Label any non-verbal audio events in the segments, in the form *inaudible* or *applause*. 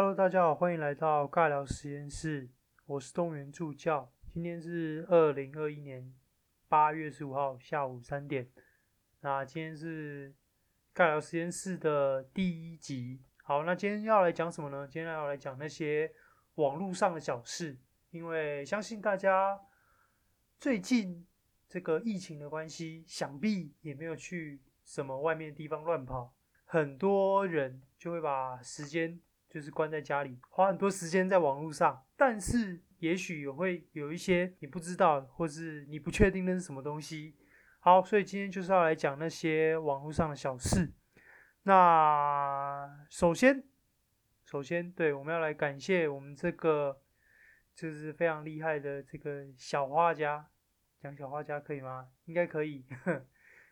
Hello，大家好，歡迎來到尬聊實驗室，我是東元助教，今天是二零二一年八月十五號下午三點，那今天是尬聊實驗室的第一集，好，那今天要來講什麼呢？今天要來講那些網路上的小事，因為相信大家最近這個疫情的關係，想必也沒有去什麼外面的地方亂跑，很多人就會把時間，就是關在家裡，花很多時間在網絡上，但是也許也會有一些你不知道，或是你不確定那是什麼東西。好，所以今天就是要來講那些網絡上的小事。那首先，首先，對，我們要來感謝我們這個，就是非常厲害的這個小畫家，講小畫家可以嗎？應該可以。 *laughs*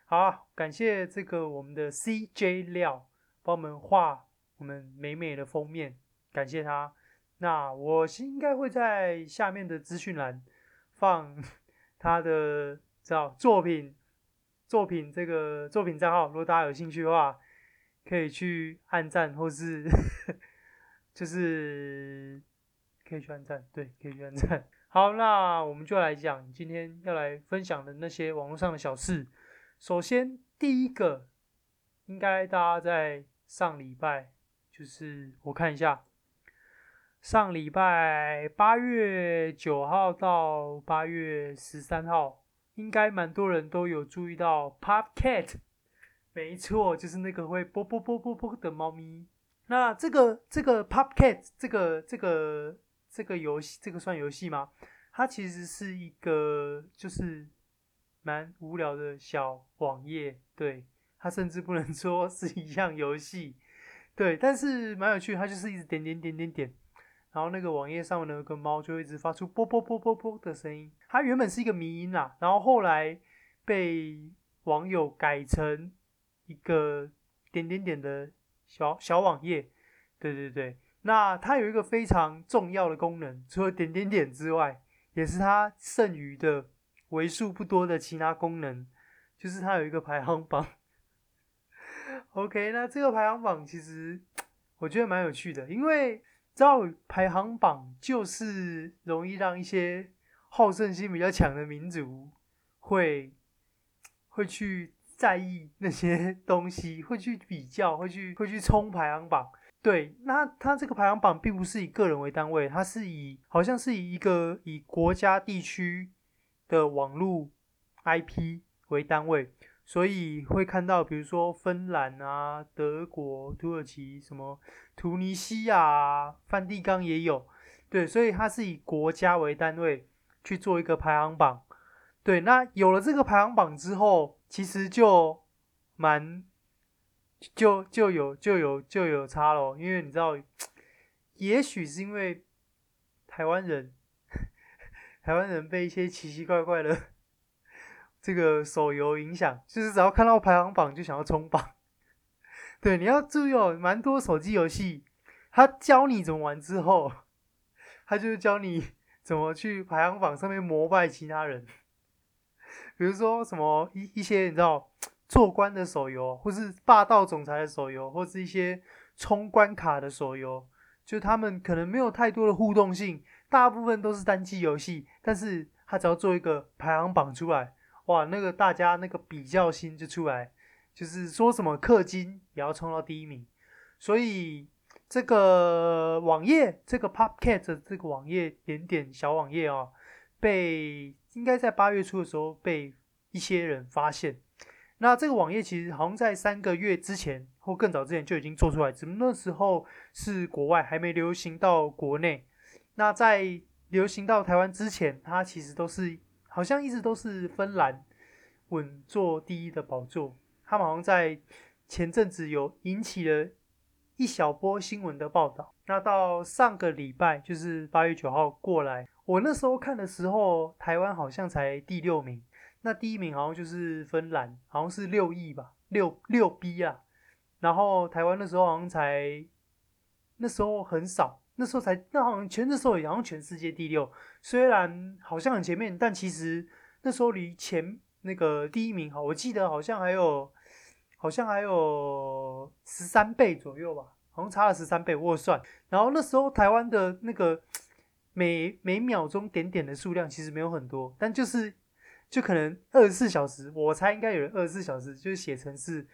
好啊，感謝這個我們的 CJ 廖幫我們畫。我們美美的封面，感謝他。那我是應該會在下面的資訊欄放他的叫作品、作品這個作品賬號，如果大家有興趣的話，可以去按贊，或是就是可以去按贊。對，可以去按贊。好，那我們就來講今天要來分享的那些網絡上的小事。首先，第一個應該大家在上禮拜。就是我看一下，上禮拜八月九號到八月十三號，應該蠻多人都有注意到 Pop Cat，沒錯，就是那個會啵啵啵啵啵啵的貓咪。那這個這個 Pop Cat，這個這個這個遊戲，這個算遊戲嗎？它其實是一個就是蠻無聊的小網頁，對，它甚至不能說是一項遊戲。對，但是蠻有趣，它就是一直點點點點點，然後那個網頁上呢，有個貓就會一直發出啵啵啵啵啵的聲音。它原本是一個迷因啦，然後後來被網友改成一個點點點的小小網頁。對對對，那它有一個非常重要的功能，除了點點點之外，也是它剩餘的為數不多的其他功能，就是它有一個排行榜。OK，那這個排行榜其實我覺得蠻有趣的，因為照排行榜就是容易讓一些好勝心比較強的民族會會去在意那些東西，會去比較，會去會去衝排行榜。對，那它這個排行榜並不是以個人為單位，它是以好像是以一個以國家地區的網絡 IP 為單位。所以會看到，比如說芬蘭啊、德國、土耳其、什麼突尼西亞啊、梵蒂岡也有，對，所以它是以國家為單位去做一個排行榜，對。那有了這個排行榜之後，其實就蠻就就有就有就有，就有差了，因為你知道，也許是因為台灣人，台灣人被一些奇奇怪怪的。這個手遊影響，就是只要看到排行榜就想要衝榜。對，你要注意哦，蠻多手機遊戲，他教你怎麼玩之後，他就教你怎麼去排行榜上面膜拜其他人。比如說什麼一一些你知道做官的手遊，或是霸道總裁的手遊，或是一些衝關卡的手遊，就他們可能沒有太多的互動性，大部分都是單機遊戲，但是他只要做一個排行榜出來。哇，那個大家那個比較心就出來，就是說什麼氪金，也要衝到第一名，所以這個網頁，這個 Popcat 的這個網頁，點點小網頁哦、喔，被應該在八月初的時候被一些人發現。那這個網頁其實好像在三個月之前或更早之前就已經做出來，只不過那時候是國外還沒流行到國內。那在流行到台灣之前，它其實都是。好像一直都是芬蘭穩坐第一的寶座。他們好像在前陣子有引起了一小波新聞的報道。那到上個禮拜，就是八月九號過來，我那時候看的時候，台灣好像才第六名。那第一名好像就是芬蘭，好像是六億吧，六六 B 啊。然後台灣那時候好像才那時候很少。那時候才，那好像前，那時候好像全世界第六，雖然好像很前面，但其實那時候離前，那個第一名，好，我記得好像還有，好像還有十三倍左右吧，好像差了十三倍，我算。然後那時候台灣的那個每每秒鐘點點的數量其實沒有很多，但就是就可能二十四小時，我猜應該有人二十四小時就寫程式，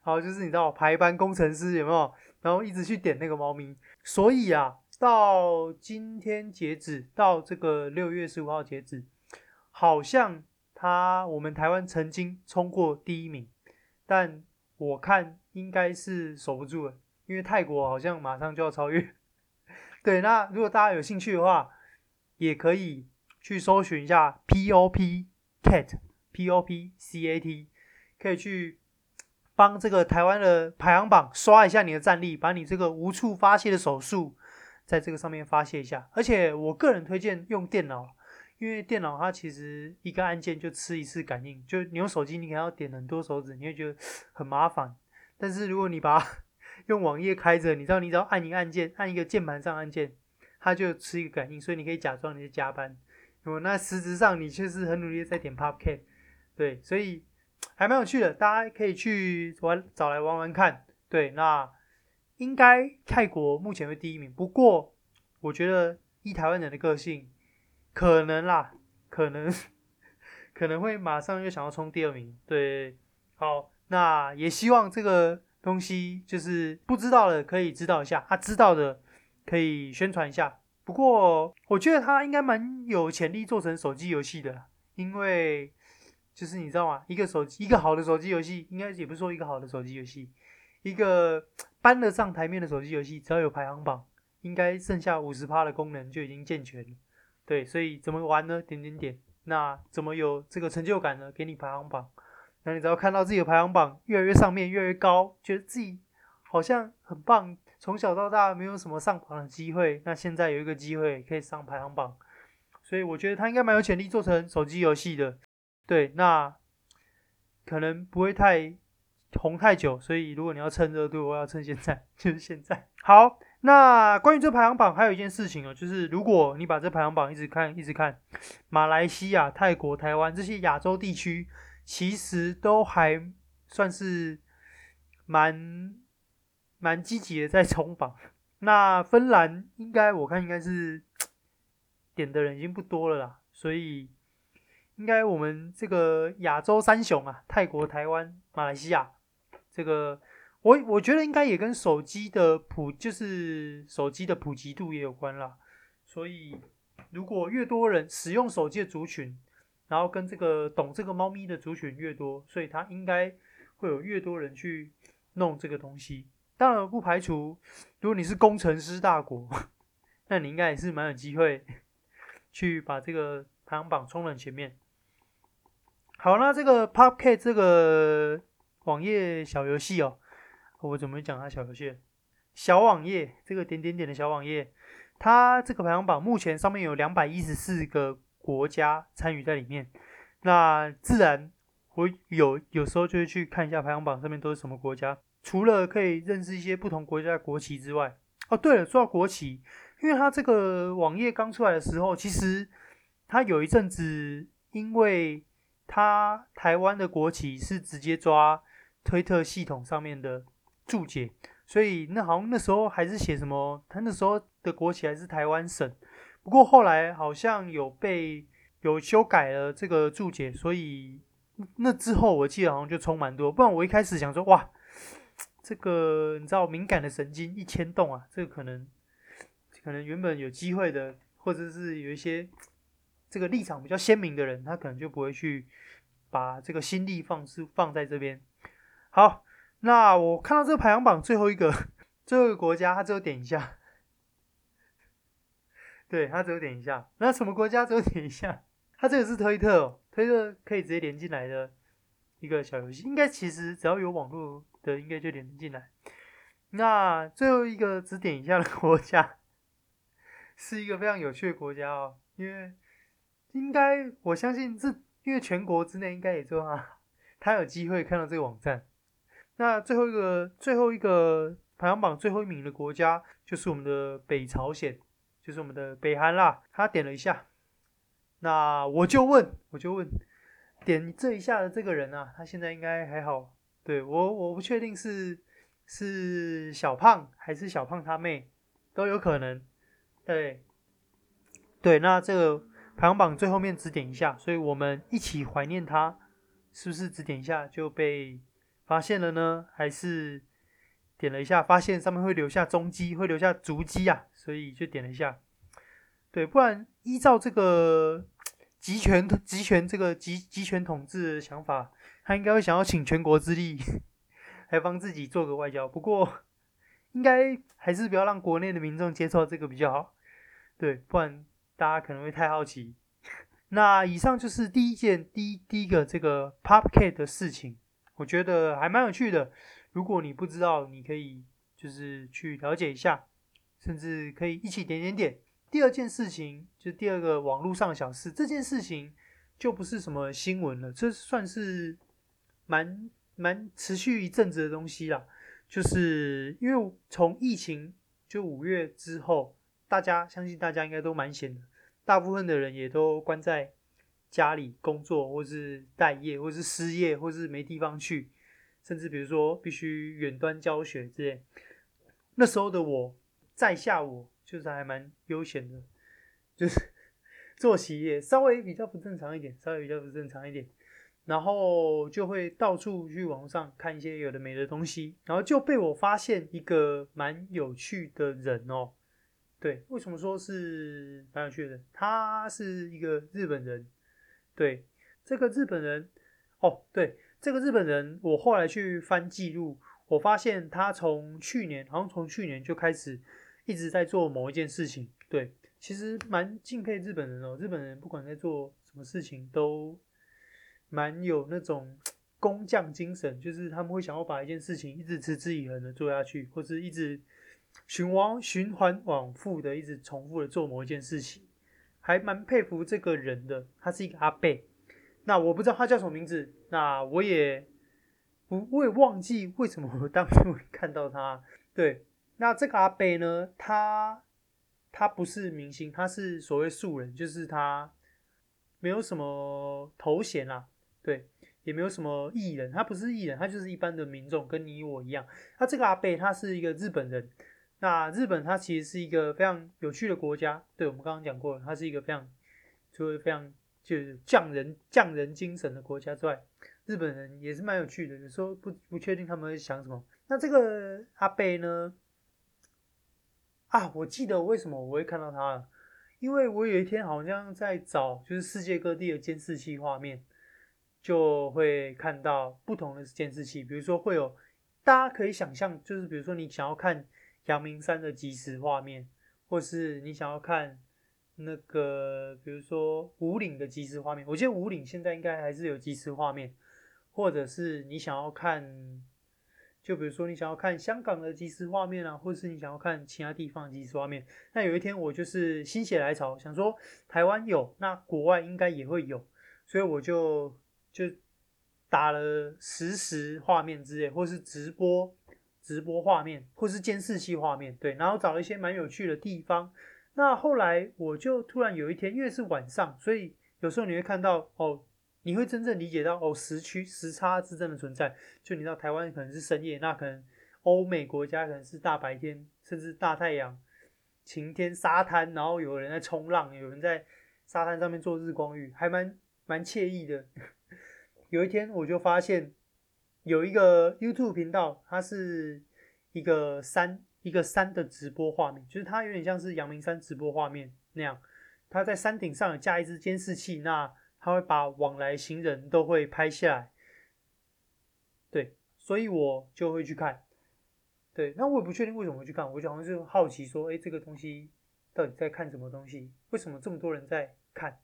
好，就是你知道排班工程師有沒有，然後一直去點那個貓咪。所以啊，到今天截止，到這個六月十五號截止，好像他，我們台灣曾經衝過第一名，但我看應該是守不住了，因為泰國好像馬上就要超越。對，那如果大家有興趣的話，也可以去搜尋一下 POPCAT P O P C A T，可以去。幫這個台灣的排行榜刷一下你的戰力，把你這個無處發洩的手速，在這個上面發洩一下。而且我個人推薦用電腦，因為電腦它其實一個按鍵就吃一次感應，就你用手機你可能要點很多手指，你會覺得很麻煩。但是如果你把用網頁開着，你知道你只要按一個按鍵，按一個鍵盤上按鍵，它就吃一個感應，所以你可以假裝你在加班，那麼那實質上你確實很努力在點 Popcat，對，所以，還蠻有趣的，大家可以去玩，找來玩玩看。對，那應該泰國目前為第一名，不過我覺得以台灣人的個性，可能啦，可能可能會馬上又想要衝第二名。對，好，那也希望這個東西就是不知道的可以知道一下，他知道的可以宣傳一下。不過我覺得他應該蠻有潛力做成手機遊戲的，因為。就是你知道嗎？一個手機，一個好的手機遊戲，應該也不是說一個好的手機遊戲，一個搬得上檯面的手機遊戲，只要有排行榜，應該剩下五十趴的功能就已經健全了。對，所以怎麼玩呢？點點點。那怎麼有這個成就感呢？給你排行榜。那你只要看到自己的排行榜越來越上面，越來越高，覺得自己好像很棒。從小到大沒有什麼上榜的機會，那現在有一個機會可以上排行榜。所以我覺得它應該蠻有潛力做成手機遊戲的。對，那可能不會太紅太久，所以如果你要趁熱度，我要趁現在，就是現在。好，那關於這排行榜還有一件事情哦、喔，就是如果你把這排行榜一直看，一直看，馬來西亞、泰國、台灣這些亞洲地區，其實都還算是蠻蠻積極的在衝榜。那芬蘭應該我看應該是點的人已經不多了啦，所以。應該我們這個亞洲三雄啊，泰國、台灣、馬來西亞，這個我我覺得應該也跟手機的普，就是手機的普及度也有關啦。所以如果越多人使用手機的族群，然後跟這個懂這個貓咪的族群越多，所以他應該會有越多人去弄這個東西。當然不排除，如果你是工程師大國，那你應該也是蠻有機會去把這個排行榜衝在前面。好，那這個 Popcat 這個網頁小遊戲哦，我怎麼講它小遊戲，小網頁，這個點點點的小網頁，它這個排行榜目前上面有兩百一十四個國家參與在裡面。那自然我有有時候就會去看一下排行榜上面都是什麼國家，除了可以認識一些不同國家的國旗之外，哦，對了，說到國旗，因為它這個網頁剛出來的時候，其實它有一陣子因為他台灣的國旗是直接抓推特系統上面的註解，所以那好像那時候還是寫什麼，他那時候的國旗還是台灣省，不過後來好像有被有修改了這個註解，所以那之後我記得好像就充滿，多，不然我一開始想說哇，這個你知道敏感的神經一牽動啊，這個可能可能原本有機會的，或者是有一些。這個立場比較鮮明的人，他可能就不會去把這個心力放放在這邊。好，那我看到這個排行榜最後一個，最後一個國家，他只有點一下。對，他只有點一下，那什麼國家只有點一下？他這個是推特哦，推特可以直接連進來的一個小遊戲，應該其實只要有網絡的，應該就連得進來。那最後一個只點一下的國家，是一個非常有趣的國家哦，因為。應該我相信這，因為全國之內應該也就啊，他有機會看到這個網站。那最後一個，最後一個排行榜最後一名的國家就是我們的北朝鮮，就是我們的北韓啦。他點了一下，那我就問，我就問，點這一下的這個人啊，他現在應該還好？對，我，我不確定是是小胖還是小胖他妹，都有可能。對對，那這個。排行榜最後面指點一下，所以我們一起懷念他，是不是指點一下就被發現了呢？還是點了一下發現上面會留下蹤跡，會留下足跡啊？所以就點了一下。對，不然依照這個集權集權這個集集權統治的想法，他應該會想要請全國之力來幫自己做個外交。不過，應該還是不要讓國內的民眾接觸這個比較好。對，不然。大家可能會太好奇，那以上就是第一件，第一第一個這個 Popcat 的事情，我覺得還蠻有趣的。如果你不知道，你可以就是去了解一下，甚至可以一起點點點。第二件事情就第二個網絡上的小事，這件事情就不是什麼新聞了，這算是蠻蠻持續一陣子的東西啦，就是因為從疫情就五月之後。大家相信，大家應該都蠻閒的。大部分的人也都關在家裡工作，或是待業，或是失業，或是沒地方去。甚至比如說，必須遠端教學之類。那時候的我在下我，我就是還蠻悠閒的，就是作息稍微比較不正常一點，稍微比較不正常一點，然後就會到處去網上看一些有的沒的東西，然後就被我發現一個蠻有趣的人哦、喔。對，為什麼說是蠻有趣的？他是一個日本人。對，這個日本人哦，對，這個日本人，我後來去翻記錄，我發現他從去年，好像從去年就開始一直在做某一件事情。對，其實蠻敬佩日本人哦，日本人不管在做什麼事情，都蠻有那種工匠精神，就是他們會想要把一件事情一直持之以恆的做下去，或是一直。循環循環往復的，一直重複的做某一件事情，還蠻佩服這個人的。他是一個阿伯，那我不知道他叫什麼名字，那我也不會忘記為什麼我當時會看到他。對，那這個阿伯呢，他他不是明星，他是所謂素人，就是他沒有什麼頭銜啦，對，也沒有什麼藝人，他不是藝人，他就是一般的民眾，跟你我一樣。他這個阿伯，他是一個日本人。那日本它其實是一個非常有趣的國家，對，我們剛剛講過了，它是一個非常就會、是、非常就是匠人匠人精神的國家之外，日本人也是蠻有趣的，有時候不不確定他們會想什麼。那這個阿伯呢？啊，我記得為什麼我會看到他了，因為我有一天好像在找就是世界各地的監視器畫面，就會看到不同的監視器，比如說會有大家可以想象，就是比如說你想要看。陽明山的即時畫面，或是你想要看那個，比如說武嶺的即時畫面，我覺得武嶺現在應該還是有即時畫面，或者是你想要看，就比如說你想要看香港的即時畫面啊，或是你想要看其他地方的即時畫面。那有一天我就是心血來潮想說，台灣有，那國外應該也會有，所以我就就打了實時畫面之類，或是直播，直播畫面，或是監視器畫面，對，然後找了一些蠻有趣的地方。那後來我就突然有一天，因為是晚上，所以有時候你會看到，哦，你會真正理解到，哦，時區、時差之真的存在。就你到台灣可能是深夜，那可能歐美國家可能是大白天，甚至大太陽、晴天、沙灘，然後有人在衝浪，有人在沙灘上面做日光浴，還蠻蠻愜意的。 *laughs* 有一天我就發現。有一個 YouTube 頻道，它是一個山，一個山的直播畫面，就是它有點像是陽明山直播畫面那樣。它在山頂上加一支監視器，那它會把往來行人都會拍下來。對，所以我就會去看。對，那我也不確定為什麼會去看，我就好像是好奇說，誒、欸，這個東西到底在看什麼東西？為什麼這麼多人在看？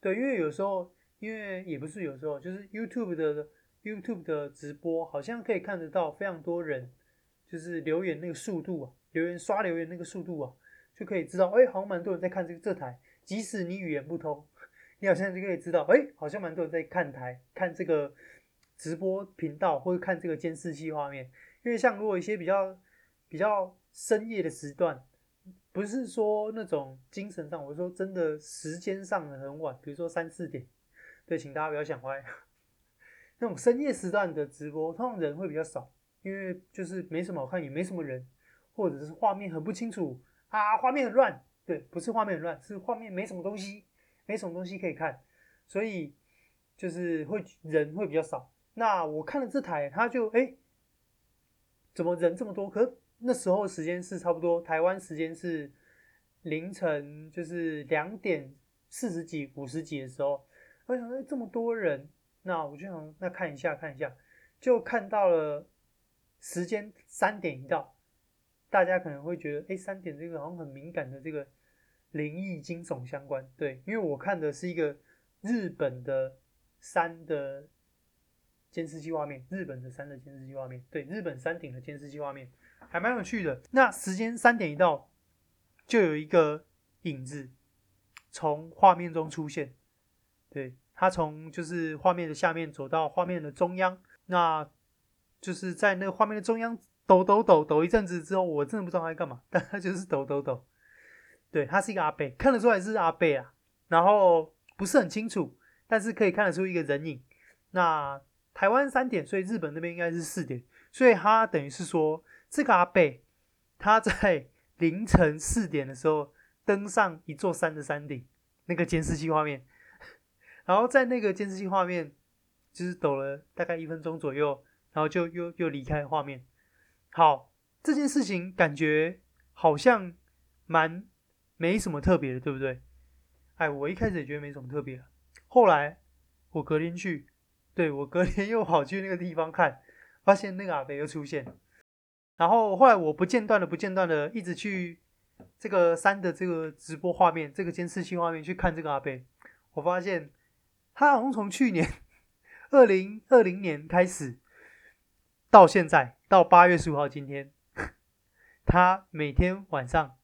對，因為有時候，因為也不是有時候，就是 YouTube 的。YouTube 的直播好像可以看得到非常多人，就是留言那個速度啊，留言刷留言那個速度啊，就可以知道，誒、欸，好像蠻多人在看這個這台。即使你語言不通，你好像就可以知道，誒、欸，好像蠻多人在看台看這個直播頻道或者看這個監視器畫面。因為像如果一些比較比較深夜的時段，不是說那種精神上，我說真的時間上的很晚，比如說三四點，對，請大家不要想歪。那種深夜時段的直播，通常人會比較少，因為就是沒什麼好看，也沒什麼人，或者是畫面很不清楚啊，畫面很亂。對，不是畫面很亂，是畫面沒什麼東西，沒什麼東西可以看，所以就是會人會比較少。那我看了這台，他就哎、欸，怎麼人這麼多？可那時候時間是差不多，台灣時間是凌晨就是兩點四十幾、五十幾的時候，我想哎、欸，這麼多人。那我就想，那看一下看一下，就看到了時間三點一到，大家可能會覺得，哎、欸，三點這個好像很敏感的這個靈異驚悚相關，對，因為我看的是一個日本的山的監視器畫面，日本的山的監視器畫面，對，日本山頂的監視器畫面，還蠻有趣的。那時間三點一到，就有一個影子從畫面中出現，對。他從就是畫面的下面走到畫面的中央，那就是在那個畫面的中央抖抖抖抖一陣子之後，我真的不知道他在幹嘛，但他就是抖抖抖。對，他是一個阿伯，看得出來是阿伯啊。然後不是很清楚，但是可以看得出一個人影。那台灣三點，所以日本那邊應該是四點，所以他等於是說這個阿伯，他在凌晨四點的時候登上一座山的山頂，那個監視器畫面。然後在那個監視器畫面，就是抖了大概一分鐘左右，然後就又又離開畫面。好，這件事情感覺好像蠻沒什麼特別的，對不對？哎，我一開始也覺得沒什麼特別了。後來我隔天去，對，我隔天又跑去那個地方看，發現那個阿伯又出現。然後後來我不間斷的、不間斷的一直去這個山的這個直播畫面、這個監視器畫面去看這個阿伯，我發現。他好像從去年二零二零年開始，到現在到八月十五號今天，他每天晚上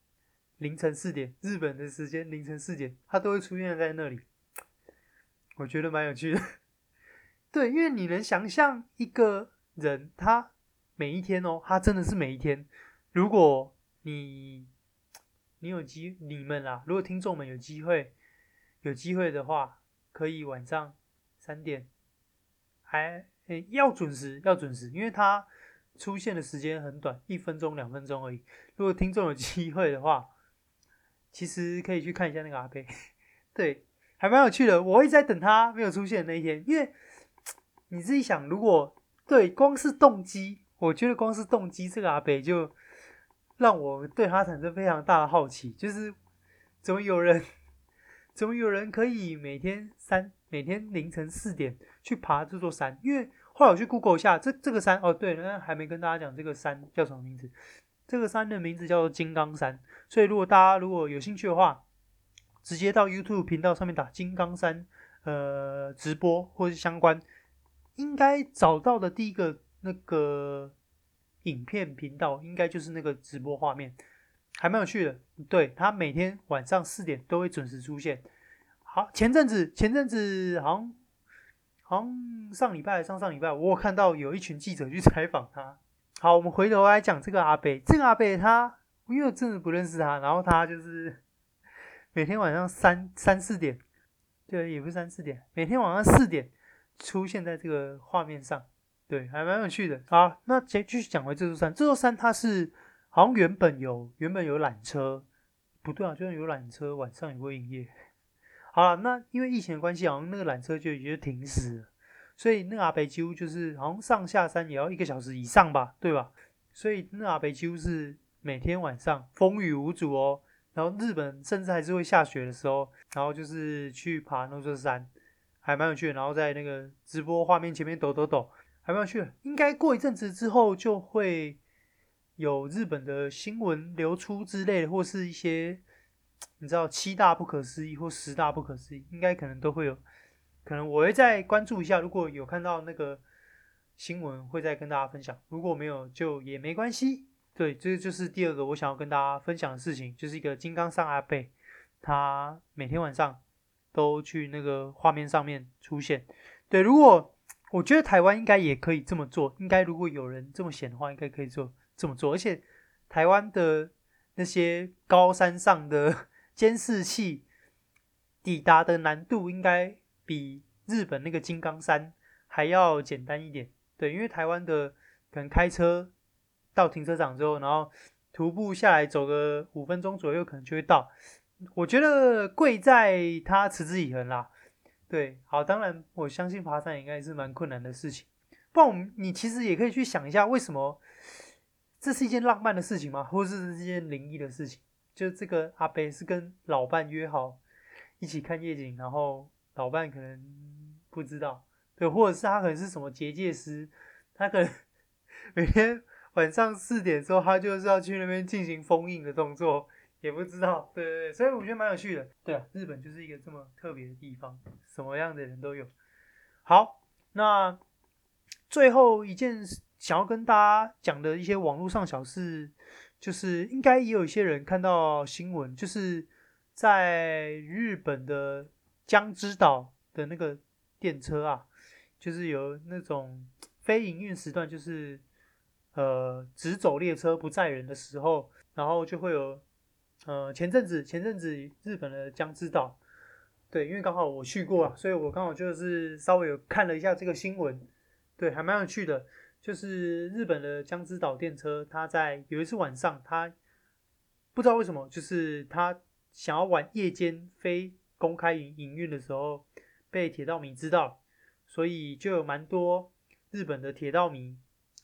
凌晨四點日本的時間凌晨四點，他都會出現在那裡。我覺得蠻有趣的。對，因為你能想象一個人，他每一天哦，他真的是每一天。如果你你有機你們啦，啊，如果聽眾們有機會有機會的話。可以晚上三點，還、欸、要準時，要準時，因為他出現的時間很短，一分鐘、兩分鐘而已。如果聽眾有機會的話，其實可以去看一下那個阿北，對，還蠻有趣的。我會一直在等他沒有出現的那一天，因為你自己想，如果，對，光是動機，我覺得光是動機這個阿北就讓我對他產生非常大的好奇，就是怎麼有人。怎麼有人可以每天三每天凌晨四點去爬這座山？因為後來我去 Google 一下這這個山哦，對，那還沒跟大家講這個山叫什麼名字。這個山的名字叫做金剛山，所以如果大家如果有興趣的話，直接到 YouTube 頻道上面打“金剛山”呃直播或是相關，應該找到的第一個那個影片頻道應該就是那個直播畫面。還蠻有趣的，對，他每天晚上四點都會準時出現。好，前陣子前陣子好像好像上禮拜上上禮拜，我有看到有一群記者去採訪他。好，我們回頭來講這個阿伯，這個阿伯他，因為真的不認識他，然後他就是每天晚上三三四點，對，也不是三四點，每天晚上四點出現在這個畫面上，對，還蠻有趣的。好，那接繼續講回這座山，這座山它是。好像原本有原本有纜車，不對啊，就算有纜車，晚上也會營業。好了，那因為疫情的關係，好像那個纜車就已經停駛了，所以那個阿北幾乎就是好像上下山也要一個小時以上吧，對吧？所以那個阿北幾乎是每天晚上風雨無阻哦。然後日本甚至還是會下雪的時候，然後就是去爬那座山，還蠻有趣的。然後在那個直播畫面前面抖抖抖，還蠻有趣的。應該過一陣子之後就會。有日本的新聞流出之類的，或是一些你知道七大不可思議或十大不可思議，應該可能都會有，可能我會再關注一下。如果有看到那個新聞，會再跟大家分享。如果沒有，就也沒關係。對，這個就是第二個我想要跟大家分享的事情，就是一個金剛山阿北，他每天晚上都去那個畫面上面出現。對，如果我覺得台灣應該也可以這麼做，應該如果有人這麼閒的話，應該可以做。怎麼做？而且，台灣的那些高山上的監視器抵達的難度應該比日本那個金剛山還要簡單一點。對，因為台灣的可能開車到停車場之後，然後徒步下來走個五分鐘左右，可能就會到。我覺得貴在它持之以恆啦。對，好，當然我相信爬山應該是蠻困難的事情。不然我們你其實也可以去想一下，為什麼？這是一件浪漫的事情嗎？或者是這是一件靈異的事情？就這個阿北是跟老伴約好一起看夜景，然後老伴可能不知道，對，或者是他可能是什麼結界師，他可能每天晚上四點之後，他就是要去那邊進行封印的動作，也不知道，對對對，所以我覺得蠻有趣的。對啊，日本就是一個這麼特別的地方，什麼樣的人都有。好，那最後一件事。想要跟大家講的一些網絡上小事，就是應該也有一些人看到新聞，就是在日本的江之島的那個電車啊，就是有那種非營運時段，就是呃只走列車不載人的時候，然後就會有，呃前陣子前陣子日本的江之島，對，因為剛好我去過啊，所以我剛好就是稍微有看了一下這個新聞，對，還蠻有趣的。就是日本的江之島電車，他在有一次晚上，他不知道為什麼，就是他想要晚夜間非公開營營運的時候，被鐵道迷知道，所以就有蠻多日本的鐵道迷，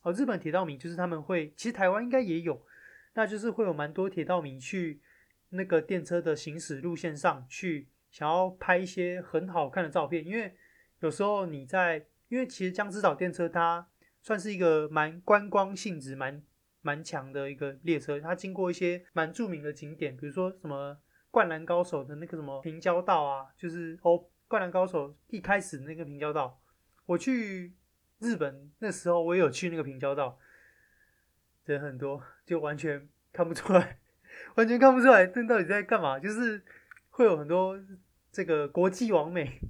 哦，日本鐵道迷就是他們會，其實臺灣應該也有，那就是會有蠻多鐵道迷去那個電車的行駛路線上去，想要拍一些很好看的照片，因為有時候你在，因為其實江之島電車它。算是一個蠻觀光性質蠻蠻強的一個列車，它經過一些蠻著名的景點，比如說什麼《灌籃高手》的那個什麼平交道啊，就是哦，《灌籃高手》一開始那個平交道。我去日本那時候，我也有去那個平交道，人很多，就完全看不出來，完全看不出來人到底在幹嘛。就是會有很多這個國際網美，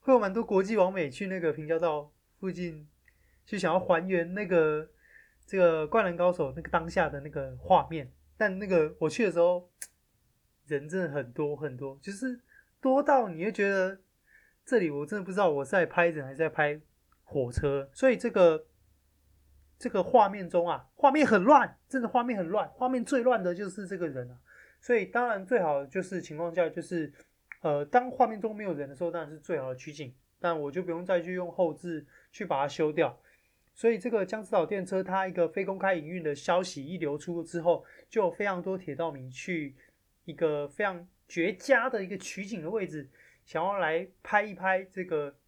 會有蠻多國際網美去那個平交道附近。就想要還原那個這個灌籃高手那個當下的那個畫面，但那個我去的時候人真的很多很多，就是多到你會覺得這裡我真的不知道我在拍人還是在拍火車，所以這個這個畫面中啊，畫面很亂，真的畫面很亂，畫面最亂的就是這個人啊，所以當然最好就是情況下就是呃，當畫面中沒有人的時候，當然是最好的取景，但我就不用再去用後製去把它修掉。所以這個江之島電車，它一個非公開營運的消息一流出之後，就有非常多鐵道迷去一個非常絕佳的一個取景的位置，想要來拍一拍這個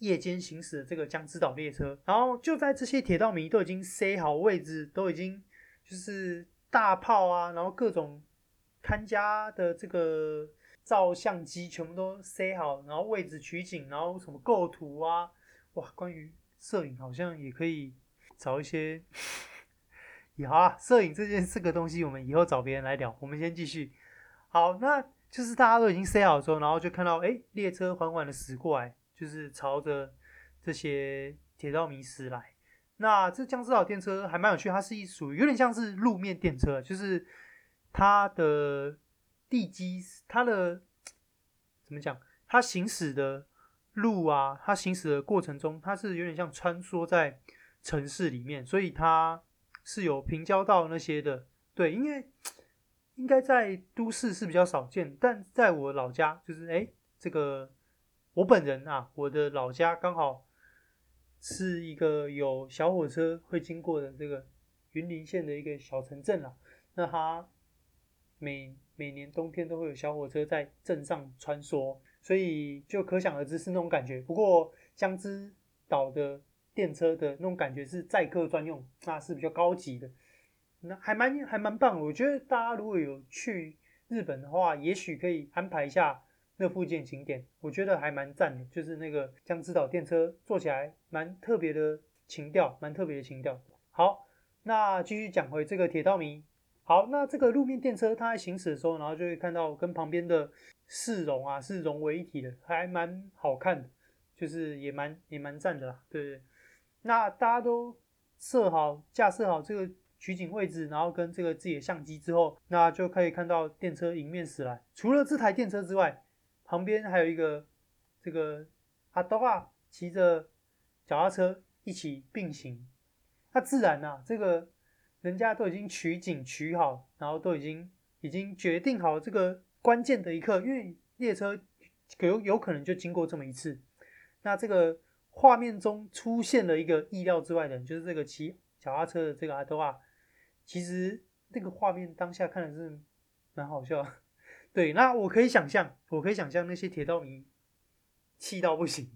夜間行駛的這個江之島列車。然後就在這些鐵道迷都已經塞好位置，都已經就是大炮啊，然後各種看家的這個照相機全部都塞好，然後位置取景，然後什麼構圖啊，哇，關於。攝影好像也可以找一些，以後 *laughs* 啊，攝影這件這個東西，我們以後找別人來聊。我們先繼續。好，那就是大家都已經塞好之後，然後就看到哎、欸，列車緩緩的駛過來，就是朝着這些鐵道迷駛來。那這江之島電車還蠻有趣，它是一屬於有點像是路面電車，就是它的地基，它的怎麼講，它行駛的。路啊，它行駛的過程中，它是有點像穿梭在城市裡面，所以它是有平交道那些的。對，因為應該在都市是比較少見，但在我老家，就是誒、欸，這個我本人啊，我的老家剛好是一個有小火車會經過的這個雲林縣的一個小城鎮啦。那它每每年冬天都會有小火車在鎮上穿梭。所以就可想而知是那種感覺。不過江之島的電車的那種感覺是載客專用，那是比較高級的，那還蠻還蠻棒。我覺得大家如果有去日本的話，也許可以安排一下那附近景點，我覺得還蠻讚的。就是那個江之島電車坐起來蠻特別的情調，蠻特別的情調。好，那繼續講回這個鐵道迷。好，那這個路面電車它在行駛的時候，然後就會看到跟旁邊的，是融啊是融為一體的，還蠻好看的，就是也蠻也蠻讚的啦。對不對？那大家都設好架設好這個取景位置，然後跟這個自己的相機之後，那就可以看到電車迎面駛來。除了這台電車之外，旁邊還有一個這個阿多啊騎着腳踏車一起並行。那自然呢、啊，這個人家都已經取景取好，然後都已經已經決定好這個。關鍵的一刻，因為列車有有可能就經過這麼一次，那這個畫面中出現了一個意料之外的，就是這個騎腳踏車的這個阿德瓦。其實那個畫面當下看的是蠻好笑，對。那我可以想象我可以想象那些鐵道迷氣到不行，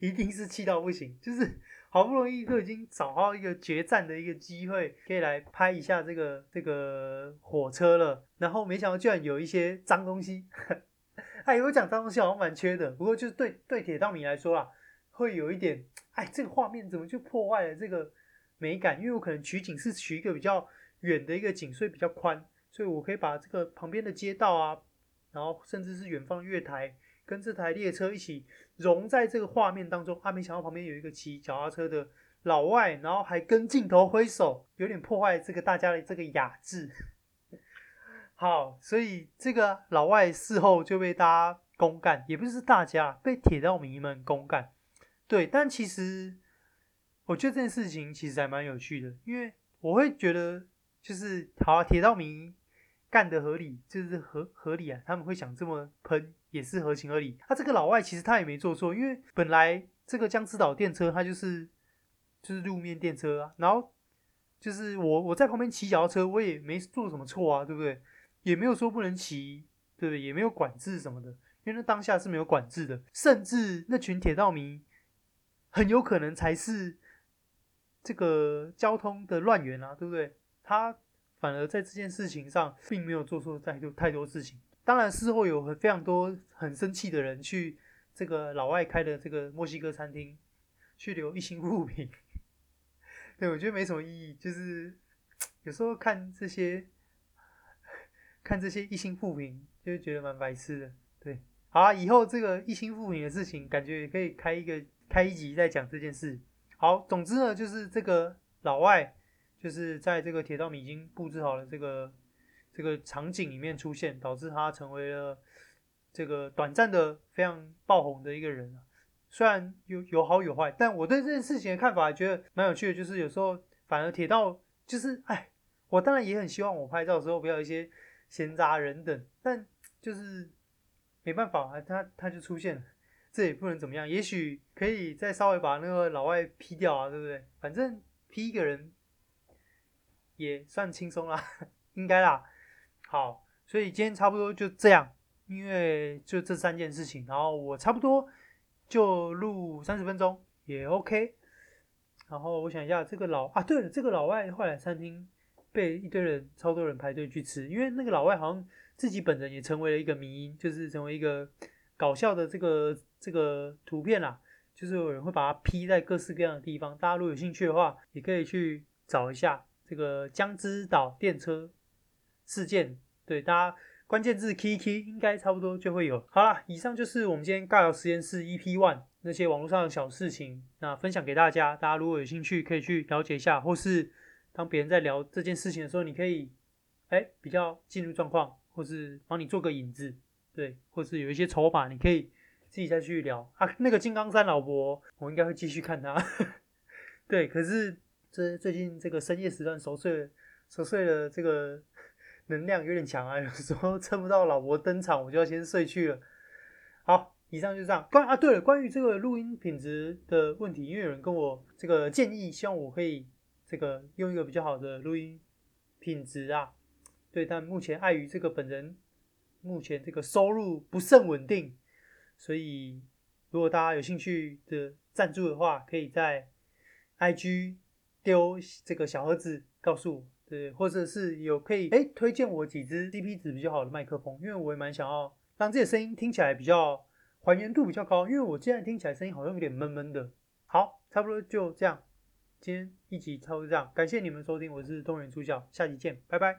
一定是氣到不行，就是。好不容易都已經找到一個決戰的一個機會，可以來拍一下這個這個火車了，然後沒想到居然有一些髒東西。 *laughs* 哎，我講髒東西好像蠻缺的，不過就是對對鐵道迷來說啦，會有一點哎，這個畫面怎麼就破壞了這個美感？因為我可能取景是取一個比較遠的一個景，所以比較寬，所以我可以把這個旁邊的街道啊，然後甚至是遠方月臺。跟這台列車一起融在這個畫面當中，啊。啊沒想到旁邊有一個騎腳踏車的老外，然後還跟鏡頭揮手，有點破壞這個大家的這個雅致。好，所以這個老外事後就被大家公幹，也不是大家，被鐵道迷們公幹，對。但其實我覺得這件事情其實還蠻有趣的，因為我會覺得就是好啊，鐵道迷幹得合理，就是合合理啊，他們會想這麼噴。也是合情合理。他、啊、這個老外其實他也沒做錯，因為本來這個江之島電車他就是就是路面電車啊，然後就是我我在旁邊騎腳踏車，我也沒做什麼錯啊，對不對？也沒有說不能騎，對不對？也沒有管制什麼的，因為那當下是沒有管制的。甚至那群鐵道迷很有可能才是這個交通的亂源啊，對不對？他反而在這件事情上並沒有做錯太多太多事情。當然，事後有很非常多很生氣的人去這個老外開的這個墨西哥餐廳去留一星負評，對，我覺得沒什麼意義。就是有時候看這些看這些一星負評，就覺得蠻白痴的。對，好啊，以後這個一星負評的事情，感覺也可以開一個開一集再講這件事。好，總之呢，就是這個老外就是在這個鐵道迷已經布置好了這個。這個場景裡面出現，導致他成為了這個短暫的非常爆紅的一個人。雖然有有好有壞，但我對這件事情的看法覺得蠻有趣的。就是有時候反而鐵道就是，哎，我當然也很希望我拍照的時候不要一些閒雜人等，但就是沒辦法啊，他他就出現了，這也不能怎麼樣。也許可以再稍微把那個老外 P 掉啊，對不對？反正 P 一個人也算輕鬆啦，應該啦。好，所以今天差不多就這樣，因為就這三件事情，然後我差不多就錄三十分鐘也 OK。然後我想一下，這個老啊，對了，這個老外後來餐廳，被一堆人超多人排隊去吃，因為那個老外好像自己本人也成為了一個迷因，就是成為一個搞笑的這個這個圖片啦、啊，就是有人會把它 P 在各式各樣的地方。大家如果有興趣的話，也可以去找一下這個江之島電車事件。對，大家關鍵字 K K 應該差不多就會有。好啦，以上就是我們今天尬聊實驗室 EP one 那些網絡上的小事情，那分享給大家。大家如果有興趣，可以去了解一下，或是當別人在聊這件事情的時候，你可以，欸、比較進入狀況，或是幫你做個引子，對，或是有一些籌碼，你可以自己再去聊啊。那個金剛山老伯，我應該會繼續看他。 *laughs* 對，可是最最近這個深夜時段熟睡了熟睡了這個。能量有點強啊，有時候撐不到老伯登場，我就要先睡去了。好，以上就是這樣。關啊，對了，關於這個錄音品質的問題，因為有人跟我這個建議，希望我可以這個用一個比較好的錄音品質啊。對，但目前礙於這個本人目前這個收入不甚穩定，所以如果大家有興趣的贊助的話，可以在 IG 丟這個小盒子告訴我。對，或者是有可以，哎，推薦我幾支 CP 值比較好的麥克風，因為我也蠻想要讓這個聲音聽起來比較還原度比較高，因為我現在聽起來聲音好像有點悶悶的。好，差不多就這樣，今天一集差不多這樣，感謝你們收聽，我是東原助教，下期見，拜拜。